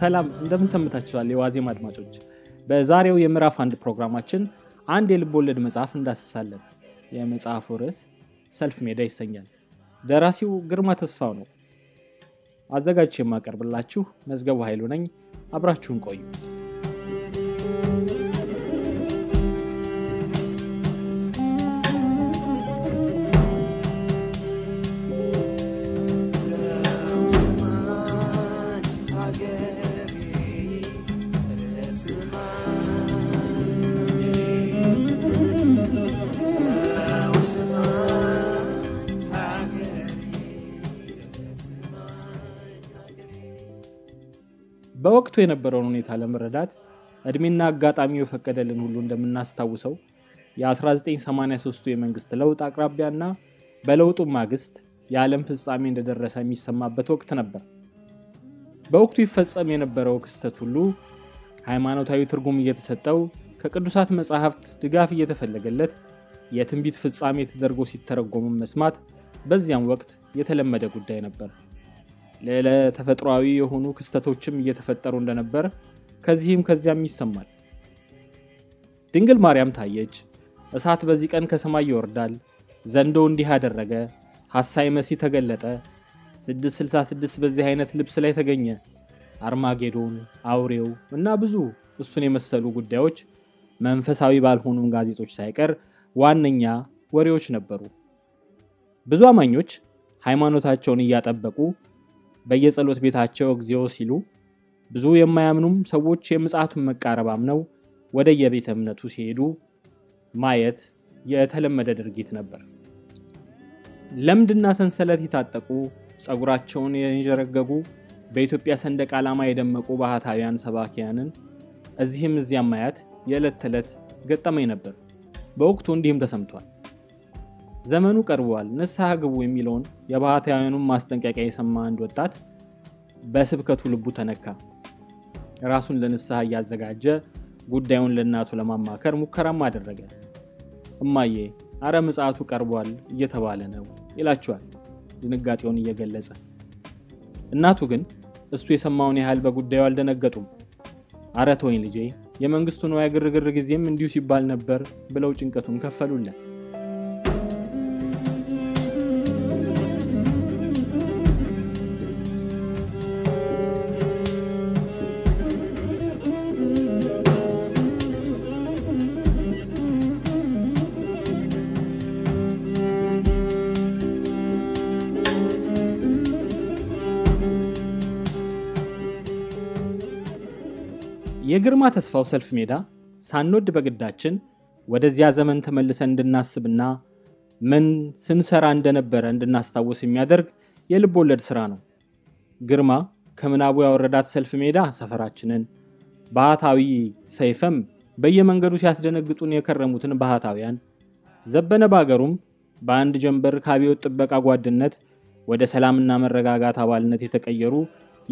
ሰላም እንደምንሰምታችኋል የዋዜማ አድማጮች፣ በዛሬው የምዕራፍ አንድ ፕሮግራማችን አንድ የልብ ወለድ መጽሐፍ እንዳስሳለን። የመጽሐፉ ርዕስ ሰልፍ ሜዳ ይሰኛል። ደራሲው ግርማ ተስፋው ነው። አዘጋጅ የማቀርብላችሁ መዝገቡ ኃይሉ ነኝ። አብራችሁን ቆዩ። በወቅቱ የነበረውን ሁኔታ ለመረዳት እድሜና አጋጣሚ የፈቀደልን ሁሉ እንደምናስታውሰው የ1983ቱ የመንግስት ለውጥ አቅራቢያና በለውጡ ማግስት የዓለም ፍጻሜ እንደደረሰ የሚሰማበት ወቅት ነበር። በወቅቱ ይፈጸም የነበረው ክስተት ሁሉ ሃይማኖታዊ ትርጉም እየተሰጠው ከቅዱሳት መጽሐፍት ድጋፍ እየተፈለገለት የትንቢት ፍጻሜ ተደርጎ ሲተረጎም መስማት በዚያም ወቅት የተለመደ ጉዳይ ነበር። ለተፈጥሯዊ የሆኑ ክስተቶችም እየተፈጠሩ እንደነበር ከዚህም ከዚያም ይሰማል። ድንግል ማርያም ታየች። እሳት በዚህ ቀን ከሰማይ ይወርዳል። ዘንዶ እንዲህ አደረገ። ሐሳይ መሲ ተገለጠ። 666 በዚህ አይነት ልብስ ላይ ተገኘ። አርማጌዶን፣ አውሬው እና ብዙ እሱን የመሰሉ ጉዳዮች መንፈሳዊ ባልሆኑም ጋዜጦች ሳይቀር ዋነኛ ወሬዎች ነበሩ። ብዙ አማኞች ሃይማኖታቸውን እያጠበቁ በየጸሎት ቤታቸው እግዚኦ ሲሉ ብዙ የማያምኑም ሰዎች የምጽአቱን መቃረብ አምነው ወደ የቤተ እምነቱ ሲሄዱ ማየት የተለመደ ድርጊት ነበር። ለምድና ሰንሰለት የታጠቁ ጸጉራቸውን የንዠረገጉ በኢትዮጵያ ሰንደቅ ዓላማ የደመቁ ባህታውያን ሰባኪያንን እዚህም እዚያም ማየት የዕለት ተዕለት ገጠመኝ ነበር። በወቅቱ እንዲህም ተሰምቷል። ዘመኑ ቀርቧል ንስሐ ግቡ የሚለውን የባህታውያኑን ማስጠንቀቂያ የሰማ አንድ ወጣት በስብከቱ ልቡ ተነካ። ራሱን ለንስሐ እያዘጋጀ ጉዳዩን ለእናቱ ለማማከር ሙከራም አደረገ። እማዬ አረ ምጽቱ ቀርቧል እየተባለ ነው ይላቸዋል፣ ድንጋጤውን እየገለጸ። እናቱ ግን እሱ የሰማውን ያህል በጉዳዩ አልደነገጡም። አረ ተወኝ ልጄ፣ የመንግስቱ ነዋ ግርግር ጊዜም እንዲሁ ሲባል ነበር ብለው ጭንቀቱን ከፈሉለት። የግርማ ተስፋው ሰልፍ ሜዳ ሳንወድ በግዳችን ወደዚያ ዘመን ተመልሰን እንድናስብና ምን ስንሰራ እንደነበረ እንድናስታውስ የሚያደርግ የልቦወለድ ስራ ነው። ግርማ ከምናቡ ያወረዳት ሰልፍ ሜዳ ሰፈራችንን፣ ባህታዊ ሰይፈም በየመንገዱ ሲያስደነግጡን የከረሙትን ባህታውያን፣ ዘበነ ባገሩም በአንድ ጀንበር ከአብዮት ጥበቃ ጓድነት ወደ ሰላምና መረጋጋት አባልነት የተቀየሩ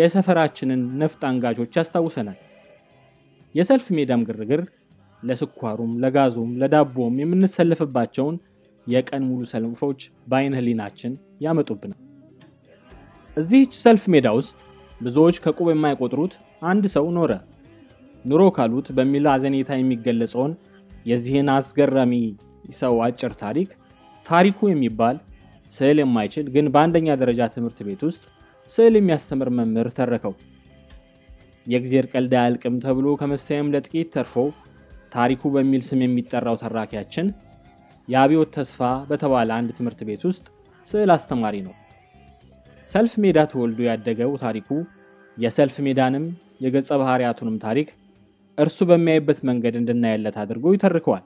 የሰፈራችንን ነፍጥ አንጋቾች ያስታውሰናል። የሰልፍ ሜዳም ግርግር ለስኳሩም ለጋዙም ለዳቦም የምንሰልፍባቸውን የቀን ሙሉ ሰልፎች በአይነ ህሊናችን ያመጡብናል። እዚህች ሰልፍ ሜዳ ውስጥ ብዙዎች ከቁብ የማይቆጥሩት አንድ ሰው ኖረ። ኑሮ ካሉት በሚል አዘኔታ የሚገለጸውን የዚህን አስገራሚ ሰው አጭር ታሪክ ታሪኩ የሚባል ስዕል የማይችል ግን በአንደኛ ደረጃ ትምህርት ቤት ውስጥ ስዕል የሚያስተምር መምህር ተረከው። የእግዜር ቀልድ አያልቅም ተብሎ ከመሰየም ለጥቂት ተርፎ ታሪኩ በሚል ስም የሚጠራው ተራኪያችን የአብዮት ተስፋ በተባለ አንድ ትምህርት ቤት ውስጥ ስዕል አስተማሪ ነው። ሰልፍ ሜዳ ተወልዶ ያደገው ታሪኩ የሰልፍ ሜዳንም የገጸ ባህሪያቱንም ታሪክ እርሱ በሚያይበት መንገድ እንድናየለት አድርጎ ይተርከዋል።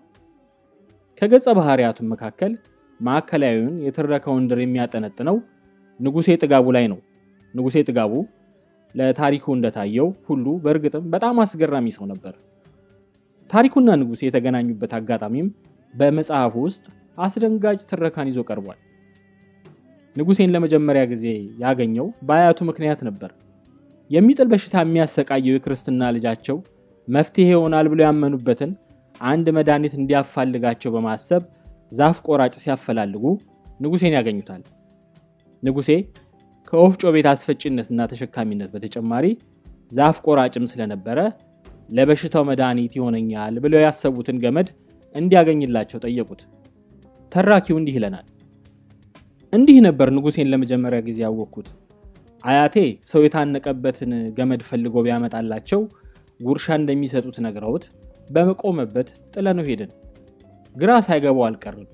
ከገጸ ባህርያቱን መካከል ማዕከላዊውን የትረካውን ድር የሚያጠነጥነው ንጉሴ ጥጋቡ ላይ ነው። ንጉሴ ጥጋቡ ለታሪኩ እንደታየው ሁሉ በእርግጥም በጣም አስገራሚ ሰው ነበር። ታሪኩና ንጉሥ የተገናኙበት አጋጣሚም በመጽሐፉ ውስጥ አስደንጋጭ ትረካን ይዞ ቀርቧል። ንጉሴን ለመጀመሪያ ጊዜ ያገኘው በአያቱ ምክንያት ነበር። የሚጥል በሽታ የሚያሰቃየው የክርስትና ልጃቸው መፍትሄ ይሆናል ብሎ ያመኑበትን አንድ መድኃኒት እንዲያፋልጋቸው በማሰብ ዛፍ ቆራጭ ሲያፈላልጉ ንጉሴን ያገኙታል። ንጉሴ ከወፍጮ ቤት አስፈጭነትና ተሸካሚነት በተጨማሪ ዛፍ ቆራጭም ስለነበረ ለበሽታው መድኃኒት ይሆነኛል ብለው ያሰቡትን ገመድ እንዲያገኝላቸው ጠየቁት። ተራኪው እንዲህ ይለናል። እንዲህ ነበር ንጉሴን ለመጀመሪያ ጊዜ ያወቅኩት። አያቴ ሰው የታነቀበትን ገመድ ፈልጎ ቢያመጣላቸው ጉርሻ እንደሚሰጡት ነግረውት በመቆመበት ጥለነው ሄድን። ግራ ሳይገባው አልቀርም።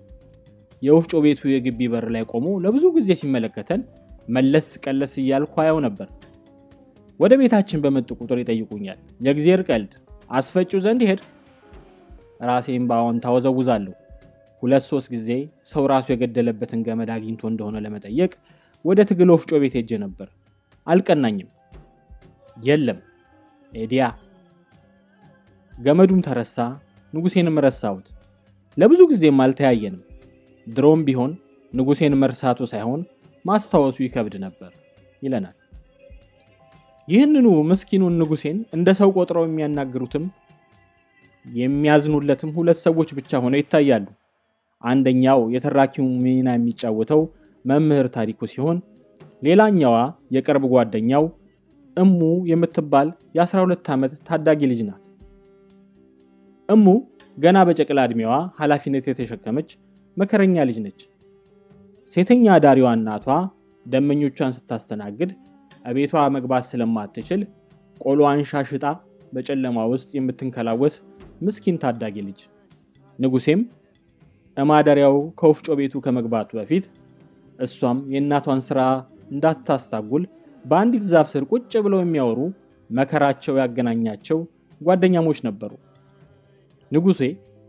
የወፍጮ ቤቱ የግቢ በር ላይ ቆሞ ለብዙ ጊዜ ሲመለከተን መለስ ቀለስ እያልኩ አየው ነበር። ወደ ቤታችን በመጡ ቁጥር ይጠይቁኛል። የእግዜር ቀልድ አስፈጩ ዘንድ ሄድ ራሴን በአዎንታ ታወዘውዛለሁ። ሁለት ሶስት ጊዜ ሰው ራሱ የገደለበትን ገመድ አግኝቶ እንደሆነ ለመጠየቅ ወደ ትግል ወፍጮ ቤት ሄጄ ነበር። አልቀናኝም። የለም ኤዲያ ገመዱም ተረሳ፣ ንጉሴንም ረሳሁት። ለብዙ ጊዜም አልተያየንም። ድሮም ቢሆን ንጉሴን መርሳቱ ሳይሆን ማስታወሱ ይከብድ ነበር ይለናል። ይህንኑ ምስኪኑን ንጉሴን እንደ ሰው ቆጥረው የሚያናግሩትም የሚያዝኑለትም ሁለት ሰዎች ብቻ ሆነው ይታያሉ። አንደኛው የተራኪው ሚና የሚጫወተው መምህር ታሪኩ ሲሆን ሌላኛዋ የቅርብ ጓደኛው እሙ የምትባል የ12 ዓመት ታዳጊ ልጅ ናት። እሙ ገና በጨቅላ ዕድሜዋ ኃላፊነት የተሸከመች መከረኛ ልጅ ነች። ሴተኛ አዳሪዋ እናቷ ደመኞቿን ስታስተናግድ እቤቷ መግባት ስለማትችል ቆሎዋን ሻሽጣ በጨለማ ውስጥ የምትንከላወስ ምስኪን ታዳጊ ልጅ። ንጉሴም እማደሪያው ከወፍጮ ቤቱ ከመግባቱ በፊት እሷም የእናቷን ሥራ እንዳታስታጉል በአንዲት ዛፍ ስር ቁጭ ብለው የሚያወሩ መከራቸው ያገናኛቸው ጓደኛሞች ነበሩ። ንጉሴ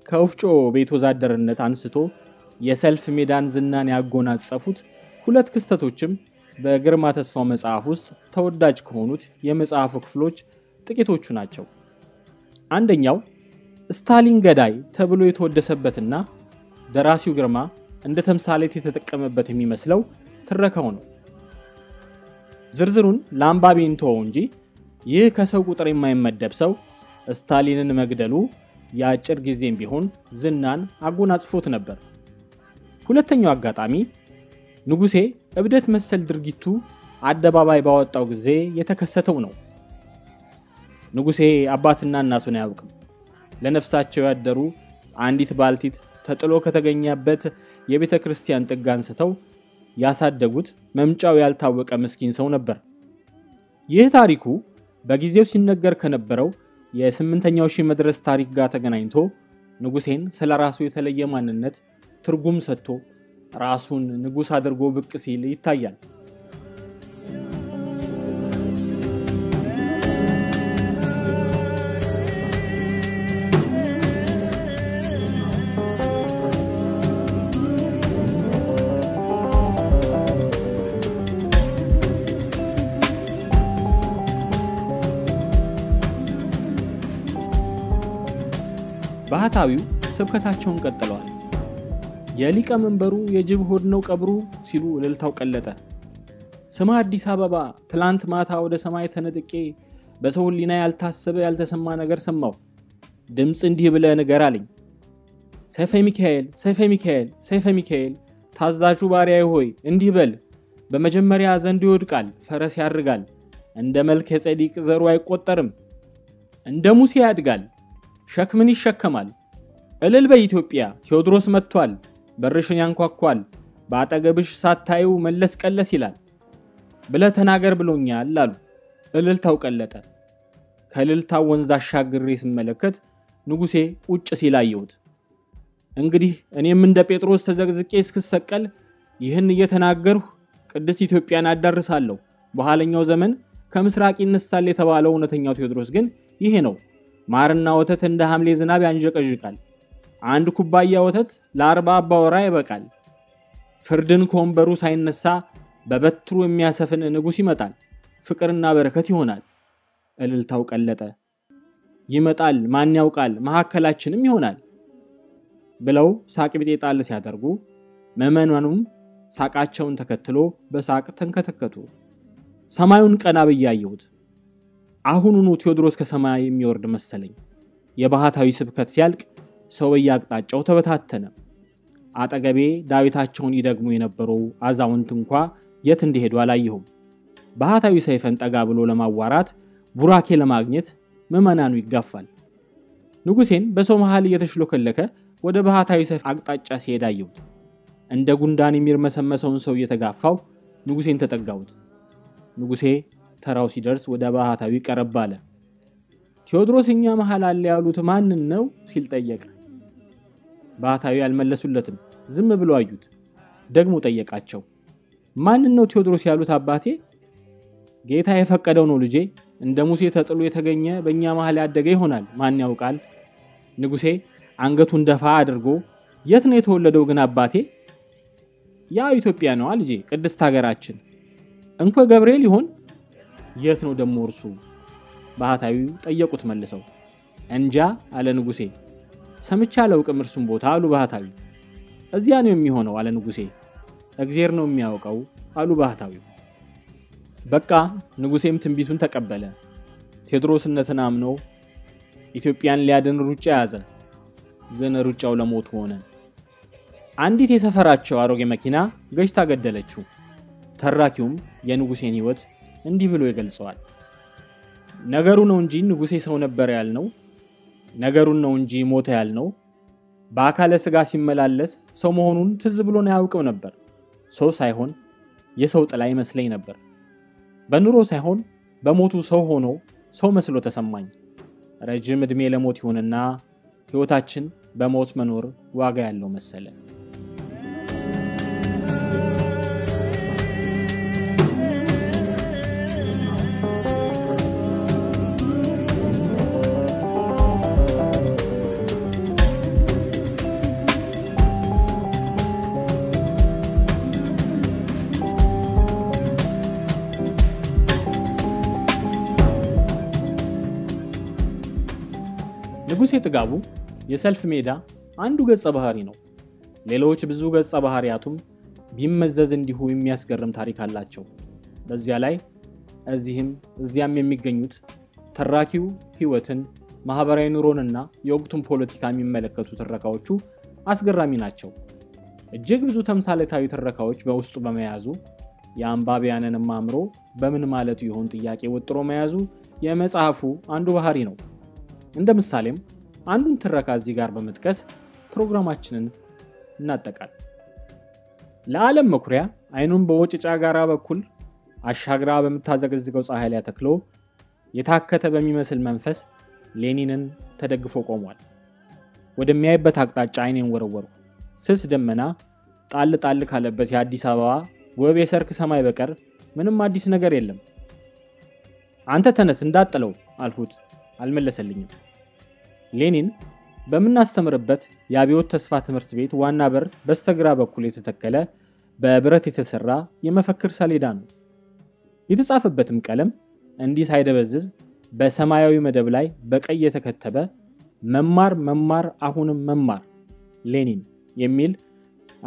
ከወፍጮ ቤት ወዛደርነት አንስቶ የሰልፍ ሜዳን ዝናን ያጎናጸፉት ሁለት ክስተቶችም በግርማ ተስፋው መጽሐፍ ውስጥ ተወዳጅ ከሆኑት የመጽሐፉ ክፍሎች ጥቂቶቹ ናቸው። አንደኛው ስታሊን ገዳይ ተብሎ የተወደሰበትና ደራሲው ግርማ እንደ ተምሳሌት የተጠቀመበት የሚመስለው ትረካው ነው። ዝርዝሩን ለአንባቢ እንተወው እንጂ ይህ ከሰው ቁጥር የማይመደብ ሰው ስታሊንን መግደሉ የአጭር ጊዜም ቢሆን ዝናን አጎናጽፎት ነበር። ሁለተኛው አጋጣሚ ንጉሴ እብደት መሰል ድርጊቱ አደባባይ ባወጣው ጊዜ የተከሰተው ነው። ንጉሴ አባትና እናቱን አያውቅም። ለነፍሳቸው ያደሩ አንዲት ባልቲት ተጥሎ ከተገኘበት የቤተ ክርስቲያን ጥግ አንስተው ያሳደጉት መምጫው ያልታወቀ ምስኪን ሰው ነበር። ይህ ታሪኩ በጊዜው ሲነገር ከነበረው የስምንተኛው ሺህ መድረስ ታሪክ ጋር ተገናኝቶ ንጉሴን ስለ ራሱ የተለየ ማንነት ትርጉም ሰጥቶ ራሱን ንጉሥ አድርጎ ብቅ ሲል ይታያል። ባህታዊው ስብከታቸውን ቀጥለዋል። የሊቀ መንበሩ የጅብ ሆድ ነው ቀብሩ ሲሉ እልልታው ቀለጠ። ስም አዲስ አበባ፣ ትላንት ማታ ወደ ሰማይ ተነጥቄ በሰው ያልታሰበ ያልተሰማ ነገር ሰማሁ። ድምፅ እንዲህ ብለ ንገር አለኝ። ሰይፈ ሚካኤል፣ ሰይፈ ሚካኤል፣ ሰይፈ ሚካኤል ታዛዡ ባሪያዬ ሆይ እንዲህ በል። በመጀመሪያ ዘንድ ይወድቃል፣ ፈረስ ያርጋል። እንደ መልክ የጸዲቅ ዘሩ አይቆጠርም። እንደ ሙሴ ያድጋል፣ ሸክምን ይሸከማል። እልል በኢትዮጵያ ቴዎድሮስ መጥቷል። በርሽን ያንኳኳል፣ በአጠገብሽ ሳታዩ መለስ ቀለስ ይላል ብለ ተናገር ብሎኛል አሉ። እልልታው ቀለጠ። ከእልልታው ወንዝ አሻግሬ ስመለከት ንጉሴ ቁጭ ሲል አየሁት። እንግዲህ እኔም እንደ ጴጥሮስ ተዘግዝቄ እስክሰቀል ይህን እየተናገርሁ ቅድስት ኢትዮጵያን አዳርሳለሁ። በኋለኛው ዘመን ከምስራቅ ይነሳል የተባለው እውነተኛው ቴዎድሮስ ግን ይሄ ነው። ማርና ወተት እንደ ሐምሌ ዝናብ ያንዠቀዥቃል። አንድ ኩባያ ወተት ለአርባ አባወራ ይበቃል። ፍርድን ከወንበሩ ሳይነሳ በበትሩ የሚያሰፍን ንጉሥ ይመጣል። ፍቅርና በረከት ይሆናል። እልልታው ቀለጠ። ይመጣል ማን ያውቃል፣ መካከላችንም ይሆናል ብለው ሳቅ ቢጤ ጣል ሲያደርጉ ምዕመናኑም ሳቃቸውን ተከትሎ በሳቅ ተንከተከቱ። ሰማዩን ቀና ብዬ አየሁት። አሁኑኑ ቴዎድሮስ ከሰማይ የሚወርድ መሰለኝ። የባህታዊ ስብከት ሲያልቅ ሰው በየአቅጣጫው ተበታተነ። አጠገቤ ዳዊታቸውን ይደግሙ የነበሩ አዛውንት እንኳ የት እንደሄዱ አላየሁም። ባህታዊ ሰይፈን ጠጋ ብሎ ለማዋራት ቡራኬ ለማግኘት ምዕመናኑ ይጋፋል። ንጉሴን በሰው መሃል እየተሽሎከለከ ወደ ባህታዊ ሰይፍ አቅጣጫ ሲሄድ አየሁት። እንደ ጉንዳን የሚርመሰመሰውን ሰው እየተጋፋው ንጉሴን ተጠጋሁት። ንጉሴ ተራው ሲደርስ ወደ ባህታዊ ቀረብ አለ። ቴዎድሮስ እኛ መሃል አለ ያሉት ማንን ነው ሲል ጠየቀ። ባህታዊ አልመለሱለትም። ዝም ብሎ አዩት። ደግሞ ጠየቃቸው። ማን ነው ቴዎድሮስ ያሉት? አባቴ ጌታ የፈቀደው ነው ልጄ። እንደ ሙሴ ተጥሎ የተገኘ በእኛ መሀል ያደገ ይሆናል፣ ማን ያውቃል? ንጉሴ አንገቱን ደፋ አድርጎ የት ነው የተወለደው ግን አባቴ? ያ ኢትዮጵያ ነዋ ልጄ፣ ቅድስት ሀገራችን። እንኮ ገብርኤል ይሆን? የት ነው ደግሞ እርሱ? ባህታዊው ጠየቁት መልሰው። እንጃ አለ ንጉሴ። ሰምቼ አላውቅም እርሱም ቦታ አሉ ባህታዊ። እዚያ ነው የሚሆነው አለ ንጉሴ። እግዜር ነው የሚያውቀው አሉ ባህታዊ በቃ ንጉሴም ትንቢቱን ተቀበለ። ቴዎድሮስነትን አምኖ ኢትዮጵያን ሊያድን ሩጫ ያዘ። ግን ሩጫው ለሞት ሆነ። አንዲት የሰፈራቸው አሮጌ መኪና ገጭታ ገደለችው። ተራኪውም የንጉሴን ህይወት እንዲህ ብሎ ይገልጸዋል። ነገሩ ነው እንጂ ንጉሴ ሰው ነበር ያልነው ነገሩን ነው እንጂ ሞተ ያልነው በአካለ ስጋ ሲመላለስ ሰው መሆኑን ትዝ ብሎን አያውቅም ነበር። ሰው ሳይሆን የሰው ጥላ ይመስለኝ ነበር። በኑሮ ሳይሆን በሞቱ ሰው ሆኖ ሰው መስሎ ተሰማኝ። ረጅም ዕድሜ ለሞት ይሁንና ሕይወታችን በሞት መኖር ዋጋ ያለው መሰለ። ንጉሴ ጥጋቡ የሰልፍ ሜዳ አንዱ ገጸ ባህሪ ነው። ሌሎች ብዙ ገጸ ባህሪያቱም ቢመዘዝ እንዲሁ የሚያስገርም ታሪክ አላቸው። በዚያ ላይ እዚህም እዚያም የሚገኙት ተራኪው ህይወትን ማህበራዊ ኑሮንና የወቅቱን ፖለቲካ የሚመለከቱ ትረካዎቹ አስገራሚ ናቸው። እጅግ ብዙ ተምሳሌታዊ ትረካዎች በውስጡ በመያዙ የአንባቢያንንም አእምሮ በምን ማለቱ ይሆን ጥያቄ ወጥሮ መያዙ የመጽሐፉ አንዱ ባህሪ ነው። እንደ ምሳሌም አንዱን ትረካ እዚህ ጋር በመጥቀስ ፕሮግራማችንን እናጠቃል። ለዓለም መኩሪያ አይኑን በወጭጫ ጋራ በኩል አሻግራ በምታዘገዝገው ፀሐይ ላይ ተክሎ የታከተ በሚመስል መንፈስ ሌኒንን ተደግፎ ቆሟል። ወደሚያይበት አቅጣጫ አይኔን ወረወሩ። ስስ ደመና ጣል ጣል ካለበት የአዲስ አበባ ውብ የሰርክ ሰማይ በቀር ምንም አዲስ ነገር የለም። አንተ ተነስ እንዳጥለው አልሁት። አልመለሰልኝም። ሌኒን በምናስተምርበት የአብዮት ተስፋ ትምህርት ቤት ዋና በር በስተግራ በኩል የተተከለ በብረት የተሰራ የመፈክር ሰሌዳ ነው። የተጻፈበትም ቀለም እንዲህ ሳይደበዝዝ በሰማያዊ መደብ ላይ በቀይ የተከተበ መማር መማር አሁንም መማር ሌኒን የሚል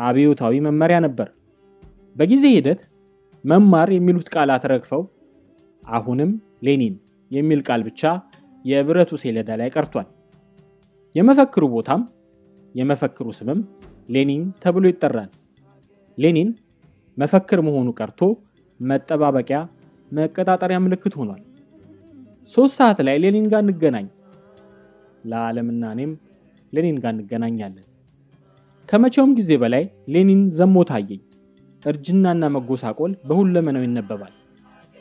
አብዮታዊ መመሪያ ነበር። በጊዜ ሂደት መማር የሚሉት ቃላት ረግፈው አሁንም ሌኒን የሚል ቃል ብቻ የብረቱ ሰሌዳ ላይ ቀርቷል። የመፈክሩ ቦታም የመፈክሩ ስምም ሌኒን ተብሎ ይጠራል። ሌኒን መፈክር መሆኑ ቀርቶ መጠባበቂያ፣ መቀጣጠሪያ ምልክት ሆኗል። ሶስት ሰዓት ላይ ሌኒን ጋር እንገናኝ። ለዓለምና እኔም ሌኒን ጋር እንገናኛለን። ከመቼውም ጊዜ በላይ ሌኒን ዘሞ ታየኝ። እርጅናና መጎሳቆል በሁለመናው ይነበባል።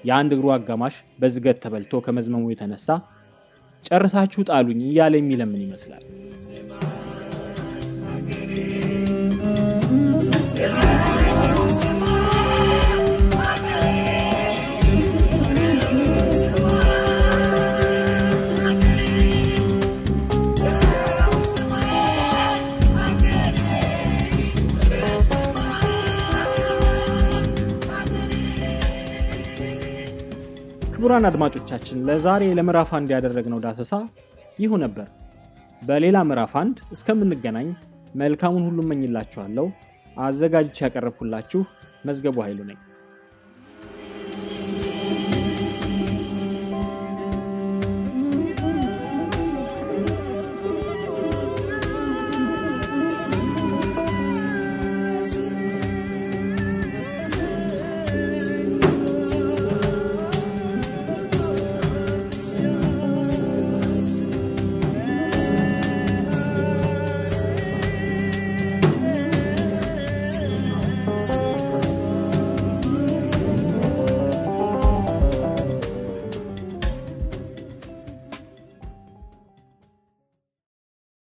የአንድ እግሩ አጋማሽ በዝገት ተበልቶ ከመዝመሙ የተነሳ ጨርሳችሁ ጣሉኝ እያለ የሚለምን ይመስላል። ክቡራን አድማጮቻችን ለዛሬ ለምዕራፍ አንድ ያደረግነው ዳሰሳ ይሁ ነበር። በሌላ ምዕራፍ አንድ እስከምንገናኝ መልካሙን ሁሉ እመኝላችኋለሁ። አዘጋጅቼ ያቀረብኩላችሁ መዝገቡ ኃይሉ ነኝ።